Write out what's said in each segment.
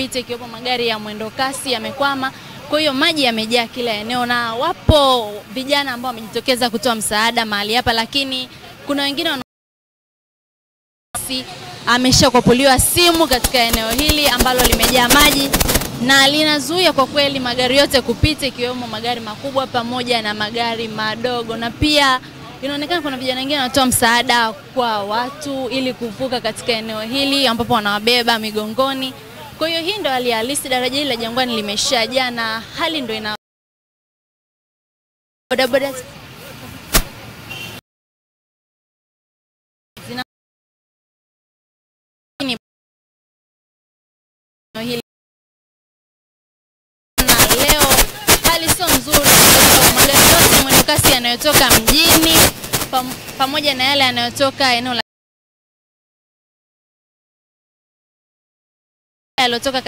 kupita, ikiwepo magari ya mwendo kasi yamekwama. Kwa hiyo maji yamejaa kila eneo, na wapo vijana ambao wamejitokeza kutoa msaada mahali hapa, lakini kuna wengine wana ameshakopuliwa simu katika eneo hili ambalo limejaa maji na linazuia kwa kweli magari yote kupita ikiwemo magari makubwa pamoja na magari madogo, na pia inaonekana kuna vijana wengine wanatoa msaada kwa watu ili kuvuka katika eneo hili ambapo wanawabeba migongoni. Kwa hiyo hii ndo hali halisi, daraja hili la Jangwani limeshajaa na hali ndo ina bodaboda hili na leo hali sio nzuri. Magari yote yanayotoka mjini pamoja na yale yanayotoka eneo la yaliyotoka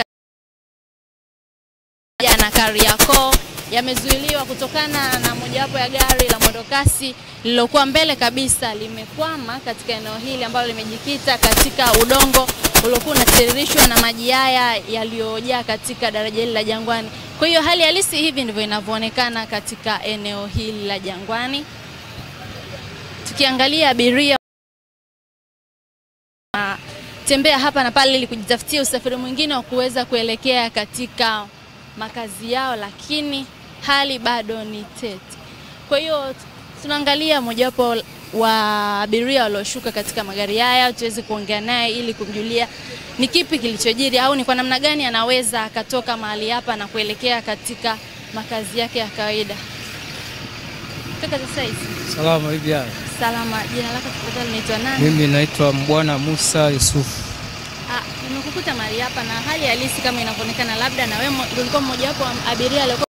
na Kariakoo yamezuiliwa kutokana na mojawapo ya gari la mwendokasi lililokuwa mbele kabisa limekwama katika eneo hili ambalo limejikita katika udongo uliokuwa unatiririshwa na maji haya yaliyojaa katika daraja hili la Jangwani. Kwa hiyo hali halisi hivi ndivyo inavyoonekana katika eneo hili la Jangwani. Tukiangalia abiria kutembea hapa na pale ili kujitafutia usafiri mwingine wa kuweza kuelekea katika makazi yao, lakini hali bado ni tete. Kwa hiyo tunaangalia mojawapo wa abiria walioshuka katika magari haya tuweze kuongea naye ili kumjulia ni kipi kilichojiri au ni kwa namna gani anaweza akatoka mahali hapa na kuelekea katika makazi yake ya kawaida. Kaka, sasa Salama, Salama. Jina lako tafadhali unaitwa nani? Mimi naitwa Mbwana Musa Yusufu. Ah, nimekukuta mahali hapa na hali halisi kama inavyoonekana, labda na wewe ulikuwa mmoja wapo abiria aliyekuwa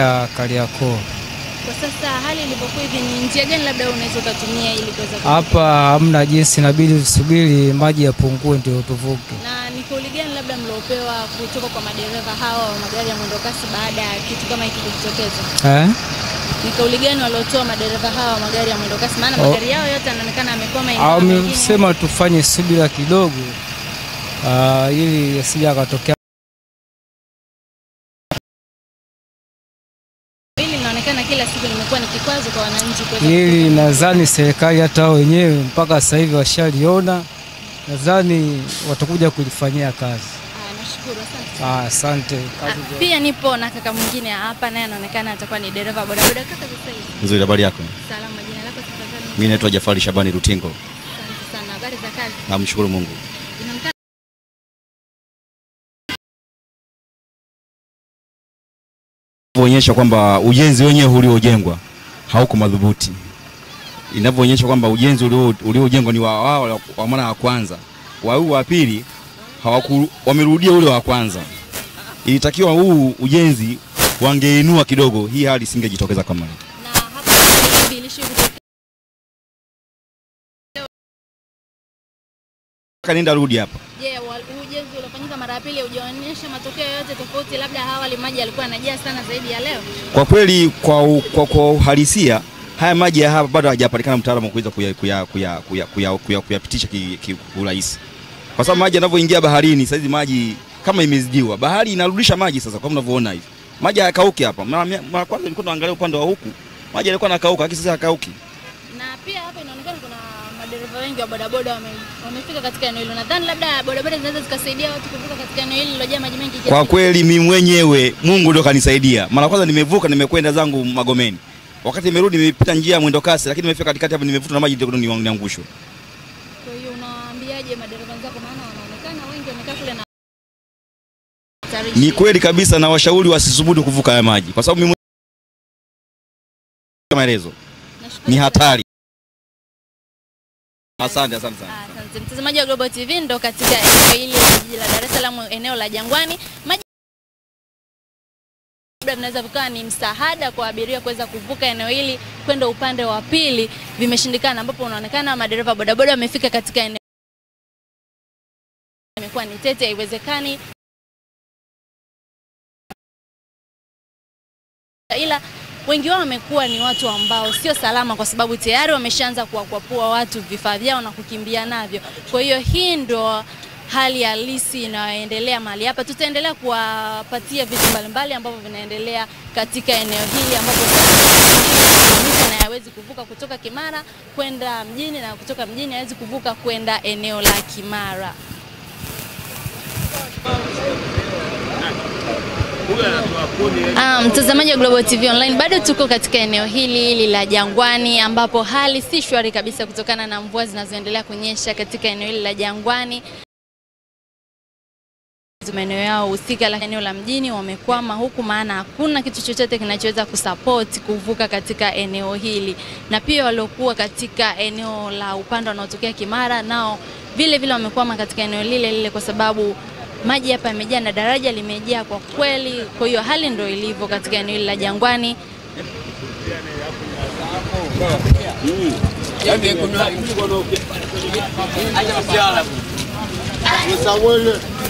ya Kariakoo. Kwa sasa hali ilivyokuwa hivi, ni njia gani labda unaweza ukatumia ili kuweza hapa? Hamna jinsi, inabidi usubiri maji yapungue ndio tuvuke. Na labda mliopewa kutoka kwa madereva hawa wa magari ya mwendokasi baada ya kitu kama hiki kujitokeza? Eh? Ni kauli gani waliotoa madereva hawa wa magari ya mwendokasi? Maana oh, magari yao yote yanaonekana yamekoma. Ah, wamesema tufanye subira kidogo, uh, ili asija akatokea hili nadhani serikali hata wenyewe mpaka sasa hivi washaliona nadhani watakuja kulifanyia kazi. Ah, asante. Ah, ah, pia nipo na kaka mwingine hapa naye anaonekana atakuwa ni dereva bodaboda. Kaka, Nzuri, habari yako? Salama, jina lako tafadhali? Mimi naitwa Jafari Shabani Rutingo. Asante sana. Habari za kazi? Namshukuru Mungu. kuonyesha kwamba ujenzi wenyewe uliojengwa hauko madhubuti inavyoonyesha kwamba ujenzi uliojengwa ni wa wao wa mara wa kwanza, wa huu wa pili wamerudia ule wa kwanza. Ilitakiwa huu ujenzi wangeinua kidogo, hii hali isingejitokeza kama hii. nenda rudi hapa. Je, yeah, ujenzi uliofanyika mara ya pili hujaonyesha matokeo yote tofauti? Labda hawali maji alikuwa anajaa sana zaidi ya leo. Kwa kweli, kwa, kwa, kwa uhalisia haya maji ya hapa bado hajapatikana mtaalamu kuweza kuyapitisha kiurahisi kwa sababu maji yanavyoingia baharini saizi maji kama imezidiwa, bahari inarudisha maji sasa, kama unavyoona hivi maji hayakauki hapa. Mara kwanza nilikuwa naangalia upande wa huku maji yalikuwa nakauka, lakini sasa hayakauki. Na pia hapa inaonekana kuna madereva wengi wa bodaboda wamefika katika eneo hilo. Nadhani labda bodaboda zinaweza zikasaidia watu kuvuka katika eneo hili lilojaa maji mengi. Kwa kweli mimi mwenyewe Mungu ndio kanisaidia. Mara kwanza nimevuka, nimekwenda zangu Magomeni wakati nimerudi nimepita njia ya mwendo kasi, lakini nimefika katikati hapo nimevutwa na maji ndio niangushwe. Kwa hiyo unawaambiaje madereva wenzako, maana wanaonekana wengi wamekaa kule na ni kweli kabisa, na washauri wasisubutu kuvuka haya maji kwa sababu mimi maelezo ni hatari. Asante, asante sana. Mtazamaji wa Global TV ndo katika eneo hili la la Dar es Salaam, eneo la Jangwani maji labda vinaweza vikawa ni msaada kwa abiria kuweza kuvuka eneo hili kwenda upande wa pili, vimeshindikana, ambapo unaonekana madereva bodaboda wamefika katika eneo imekuwa ni tete, haiwezekani ila wengi wao wamekuwa ni watu ambao sio salama, kwa sababu tayari wameshaanza kuwakwapua watu vifaa vyao na kukimbia navyo. Kwa hiyo hii ndio hali halisi inayoendelea mahali hapa. Tutaendelea kuwapatia vitu mbalimbali ambavyo vinaendelea katika eneo hili ambapo na hawezi kuvuka kutoka Kimara kwenda mjini na kutoka mjini hawezi kuvuka kwenda eneo la Kimara. Ah, mtazamaji um, wa Global TV Online, bado tuko katika eneo hili hili la Jangwani ambapo hali si shwari kabisa kutokana na mvua zinazoendelea kunyesha katika eneo hili la Jangwani maeneo yao husika la eneo la mjini wamekwama huku, maana hakuna kitu chochote kinachoweza kusapoti kuvuka katika eneo hili, na pia waliokuwa katika eneo la upande wanaotokea Kimara nao vile vile wamekwama katika eneo lile lile kwa sababu maji hapa yamejaa na daraja limejaa kwa kweli. Kwa hiyo hali ndio ilivyo katika eneo hili la Jangwani. Hmm. Yaani,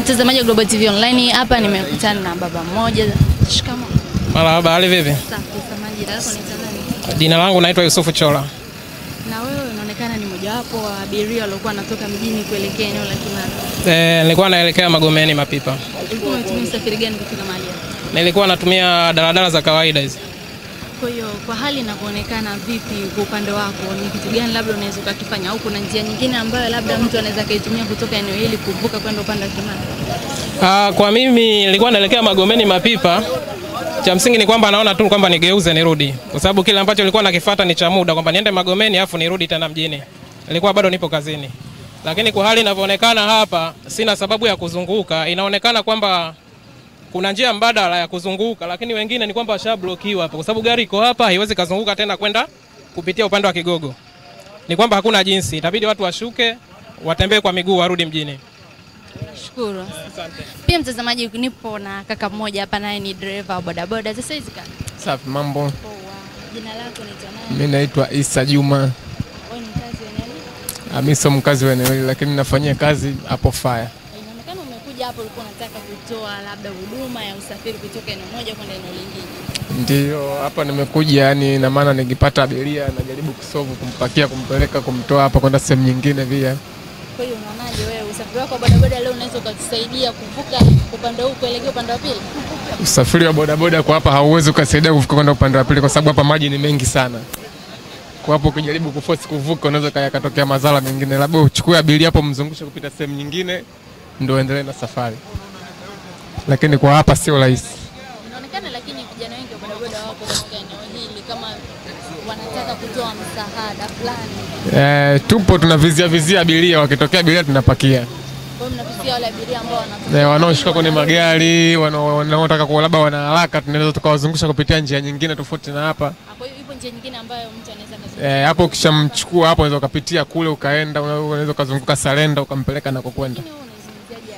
Mtazamaji wa Global TV Online, hapa nimekutana na baba mmoja. Shikamoo. Mara hali vipi? Jina langu naitwa Yusufu Chola. Na wewe unaonekana ni mmoja wapo wa abiria waliokuwa wanatoka mjini kuelekea eneo la Kimara. Eh, nilikuwa naelekea Magomeni Mapipa. Ulikuwa unatumia usafiri gani kufika mahali hapa? Nilikuwa natumia daladala za kawaida hizi. Kwa hiyo kwa hali inavyoonekana vipi kwa upande wako, ni kitu gani labda unaweza ukakifanya, au kuna njia nyingine ambayo labda mtu anaweza akaitumia kutoka eneo hili kuvuka kwenda upande wa Kimara? Uh, kwa mimi nilikuwa naelekea Magomeni Mapipa, cha msingi ni kwamba naona tu kwamba nigeuze nirudi, kwa sababu kile ambacho nilikuwa nakifuata ni cha muda, kwamba niende Magomeni afu nirudi tena mjini. Nilikuwa bado nipo kazini, lakini kwa hali inavyoonekana hapa, sina sababu ya kuzunguka. Inaonekana kwamba kuna njia mbadala ya kuzunguka, lakini wengine ni kwamba washablokiwa hapa, kwa sababu gari iko hapa haiwezi kazunguka tena kwenda kupitia upande wa Kigogo. Ni kwamba hakuna jinsi, itabidi watu washuke, watembee kwa miguu, warudi mjini. Shukuru. Asante. Pia mtazamaji, nipo na kaka mmoja hapa, naye ni driver boda boda. Sasa hizi kaka, safi mambo? Poa. Jina lako ni nani? Mimi naitwa Isa Juma. Wewe ni mkazi wa eneo hili? Ah, Mimi sio mkazi wa eneo hili, lakini nafanyia kazi hapo fire japo ulikuwa unataka kutoa labda huduma ya usafiri kutoka eneo moja kwenda eneo lingine? Ndio hapa nimekuja, yani ina maana nikipata abiria najaribu kusovu, kumpakia, kumpeleka, kumtoa hapa kwenda sehemu nyingine pia. Kwa hiyo unaonaje wewe usafiri wako wa bodaboda leo unaweza ukatusaidia kuvuka upande huu kuelekea upande wa pili? Usafiri wa bodaboda kwa hapa hauwezi ukasaidia kuvuka kwenda upande wa pili kwa sababu hapa maji ni mengi sana kwa hapo ukijaribu kuforce kuvuka, unaweza kaya katokea madhara mengine, labda uchukue abiria hapo, mzungushe kupita sehemu nyingine, ndio endelee na safari, lakini kwa hapa sio rahisi. Inaonekana lakini vijana wengi wa bodaboda wako katika eneo hili kama wanataka kutoa msaada fulani. Eh, tupo tunavizia vizia abiria, wakitokea abiria tunapakia eh, wanaoshuka kwenye magari wanaotaka kwa labda wana haraka, tunaweza tukawazungusha kupitia njia nyingine tofauti na hapa ah, eh, hapo. Ukishamchukua hapo, unaweza ukapitia kule ukaenda, unaweza ukazunguka Salenda ukampeleka kwenda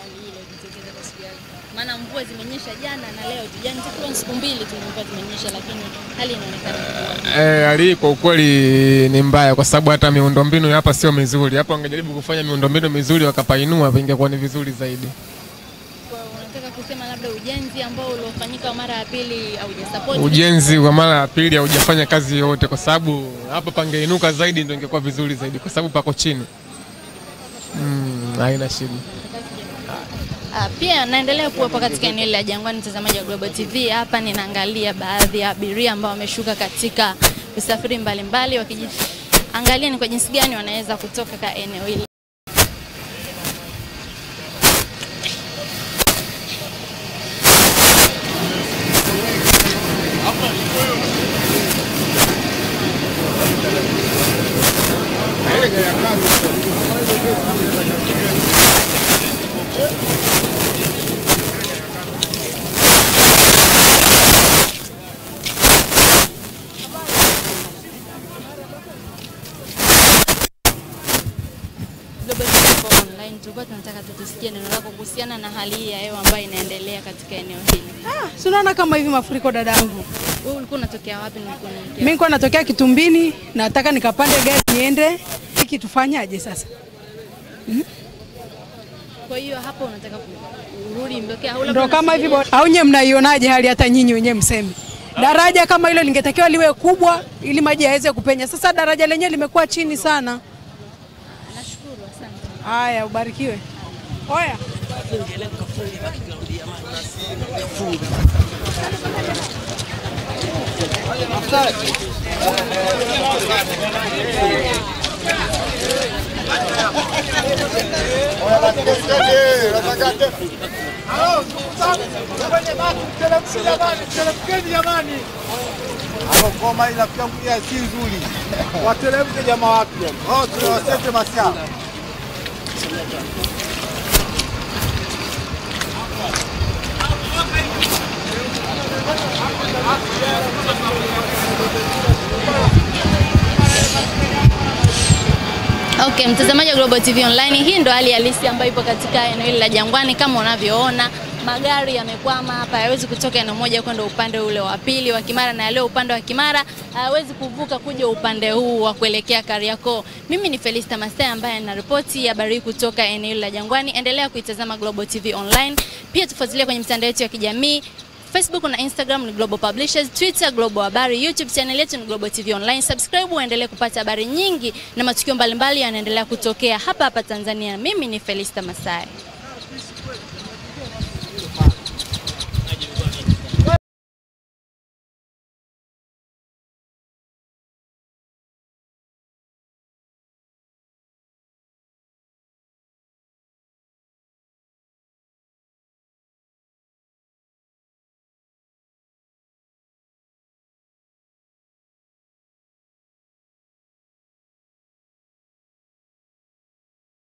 hali ile kutekeleza siku yake, maana mvua zimenyesha jana na leo tu, yani takriban siku mbili tu mvua zimenyesha, lakini hali inaonekana eh, hali kwa ukweli ni mbaya, kwa sababu hata miundombinu hapa sio mizuri. Hapa wangejaribu kufanya miundombinu mizuri wakapainua, ingekuwa ni vizuri zaidi. ujenzi ambao uliofanyika mara ya pili haujasupport? Ujenzi wa mara ya pili haujafanya kazi yoyote, kwa sababu hapa pangeinuka zaidi ndio ingekuwa vizuri zaidi, kwa sababu pako chini. Mm, haina shida. Ah, pia naendelea kuwepo katika eneo la Jangwani, mtazamaji wa Global TV. Hapa ninaangalia baadhi ya abiria ambao wameshuka katika usafiri mbalimbali wakijiangalia ni kwa jinsi gani wanaweza kutoka ka eneo hili. online, tulikuwa tunataka tutusikie neno lako kuhusiana na hali hii ya hewa ambayo inaendelea katika eneo hili. Ah, tunaona kama hivi mafuriko dadangu. Wewe ulikuwa unatokea wapi na ulikuwa unaelekea? Mimi nilikuwa natokea Kitumbini, nataka nikapande gari niende. Hiki tufanyaje sasa? Hmm? Kwa hiyo hapo unataka kurudi Mbokea? au Ndio kama hivi au nyewe mnaionaje hali hata nyinyi wenyewe mseme? Daraja kama hilo lingetakiwa liwe kubwa ili maji yaweze kupenya. Sasa daraja lenyewe limekuwa chini sana. Haya, ubarikiwe. Oya, koma inafikia si nzuri, wateremke jamaa wapya, oh, tunawasete masaa Okay, mtazamaji wa Global TV Online, hii ndo hali halisi ambayo ipo katika eneo hili la Jangwani kama unavyoona magari yamekwama hapa, hayawezi kutoka eneo moja kwenda upande ule wa pili wa Kimara, na yalio upande wa Kimara hayawezi kuvuka kuja upande huu wa kuelekea Kariakoo. Mimi ni Felista Masai ambaye naripoti habari hii kutoka eneo la Jangwani. Endelea kuitazama Global TV Online, pia tufuatilie kwenye mitandao yetu ya kijamii Facebook na Instagram ni Global Publishers, Twitter Global Habari, YouTube channel yetu ni Global TV Online. Subscribe uendelee kupata habari nyingi na matukio mbalimbali yanaendelea kutokea hapa hapa Tanzania. Mimi ni Felista Masai.